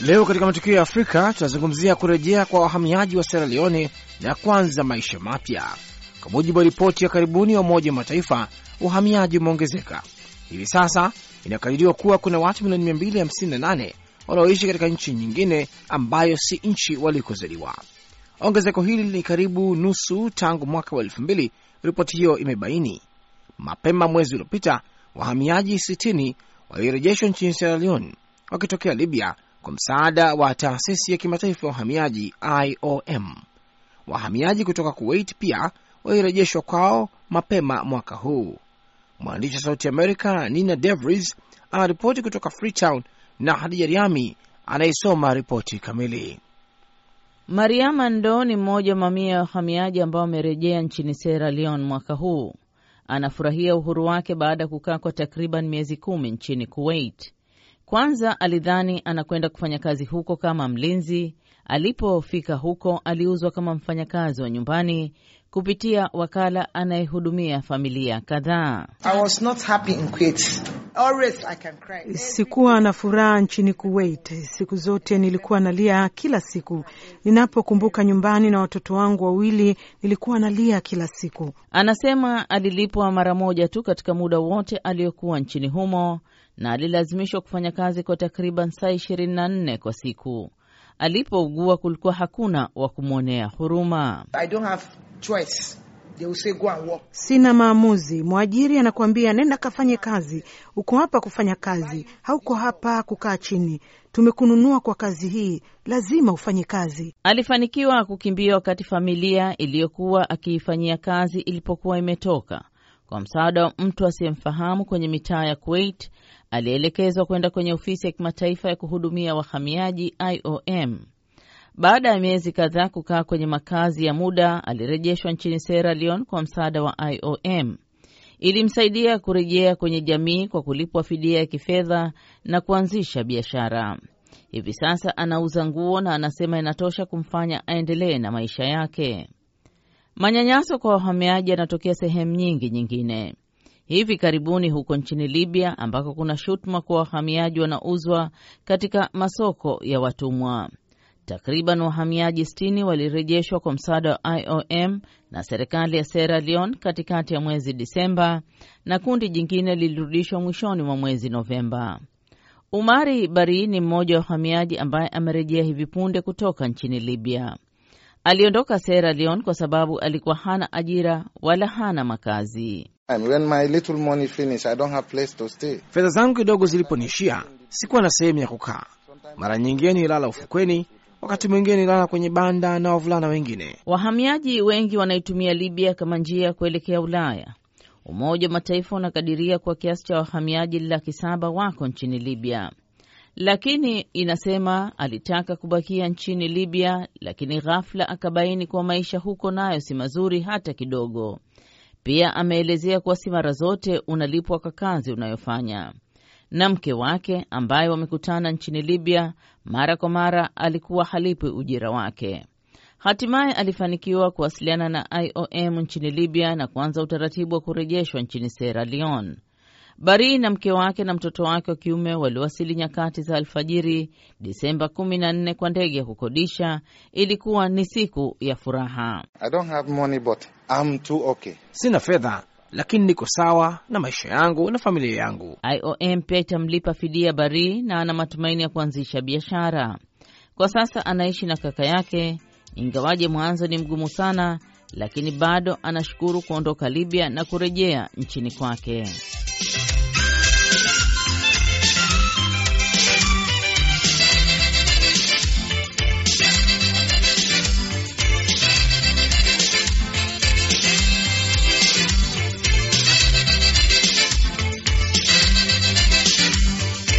Leo katika matukio ya Afrika tunazungumzia kurejea kwa wahamiaji wa Sierra Leone na kuanza maisha mapya. Kwa mujibu wa ripoti ya karibuni ya Umoja wa Mataifa, uhamiaji umeongezeka hivi sasa. Inakadiriwa kuwa kuna watu milioni 258 wanaoishi katika nchi nyingine ambayo si nchi walikozaliwa. Ongezeko hili ni karibu nusu tangu mwaka wa elfu mbili, ripoti hiyo imebaini. Mapema mwezi uliopita wahamiaji 60 walirejeshwa nchini Sierra Leone wakitokea Libya kwa msaada wa taasisi ya kimataifa ya wahamiaji IOM. Wahamiaji kutoka Kuwait pia walirejeshwa kwao mapema mwaka huu. Mwandishi wa Sauti Amerika Nina Devries anaripoti kutoka Freetown na Hadija Riami anayesoma ripoti kamili. Mariama Ndo ni mmoja wa mamia ya wahamiaji ambao wamerejea nchini Sierra Leone mwaka huu. Anafurahia uhuru wake baada ya kukaa kwa takriban miezi kumi nchini Kuwait. Kwanza alidhani anakwenda kufanya kazi huko kama mlinzi. Alipofika huko, aliuzwa kama mfanyakazi wa nyumbani kupitia wakala anayehudumia familia kadhaa. Sikuwa na furaha nchini Kuwait. Siku zote nilikuwa nalia, kila siku ninapokumbuka nyumbani na watoto wangu wawili, nilikuwa nalia kila siku. Anasema alilipwa mara moja tu katika muda wote aliyokuwa nchini humo, na alilazimishwa kufanya kazi kwa takriban saa 24 kwa siku. Alipougua kulikuwa hakuna wa kumwonea huruma. I don't have choice. Sina maamuzi. Mwajiri anakuambia nenda kafanye kazi. Uko hapa kufanya kazi, hauko hapa kukaa chini. Tumekununua kwa kazi hii, lazima ufanye kazi. Alifanikiwa kukimbia wakati familia iliyokuwa akiifanyia kazi ilipokuwa imetoka. Kwa msaada wa mtu asiyemfahamu kwenye mitaa ya Kuwait, alielekezwa kwenda kwenye ofisi ya kimataifa ya kuhudumia wahamiaji IOM. Baada ya miezi kadhaa kukaa kwenye makazi ya muda, alirejeshwa nchini Sierra Leone kwa msaada wa IOM. Ilimsaidia kurejea kwenye jamii kwa kulipwa fidia ya kifedha na kuanzisha biashara. Hivi sasa anauza nguo na anasema inatosha kumfanya aendelee na maisha yake. Manyanyaso kwa wahamiaji yanatokea sehemu nyingi nyingine. Hivi karibuni huko nchini Libya ambako kuna shutuma kwa wahamiaji wanauzwa katika masoko ya watumwa. Takriban wahamiaji 60 walirejeshwa kwa msaada wa IOM na serikali ya Sierra Leone katikati ya mwezi Disemba na kundi jingine lilirudishwa mwishoni mwa mwezi Novemba. Umari Bari ni mmoja wa wahamiaji ambaye amerejea hivi punde kutoka nchini Libya. Aliondoka Sierra Leone kwa sababu alikuwa hana ajira wala hana makazi. Fedha zangu kidogo ziliponiishia, sikuwa na sehemu ya kukaa. Mara nyingine nilala ufukweni wakati mwingine ilala kwenye banda na wavulana wengine. Wahamiaji wengi wanaitumia Libya kama njia ya kuelekea Ulaya. Umoja wa Mataifa unakadiria kwa kiasi cha wahamiaji laki saba wako nchini Libya, lakini inasema alitaka kubakia nchini Libya, lakini ghafla akabaini kuwa maisha huko nayo si mazuri hata kidogo. Pia ameelezea kuwa si mara zote unalipwa kwa kazi unayofanya na mke wake ambaye wamekutana nchini Libya mara kwa mara, alikuwa halipi ujira wake. Hatimaye alifanikiwa kuwasiliana na IOM nchini Libya na kuanza utaratibu wa kurejeshwa nchini Sierra Leone. Bari na mke wake na mtoto wake wa kiume waliwasili nyakati za alfajiri Disemba 14 kwa ndege ya kukodisha. Ilikuwa ni siku ya furaha. I don't have money, but I'm too okay. Sina fedha lakini niko sawa na maisha yangu na familia yangu. IOM pia itamlipa fidia Bari na ana matumaini ya kuanzisha biashara. Kwa sasa anaishi na kaka yake, ingawaje mwanzo ni mgumu sana, lakini bado anashukuru kuondoka Libya na kurejea nchini kwake.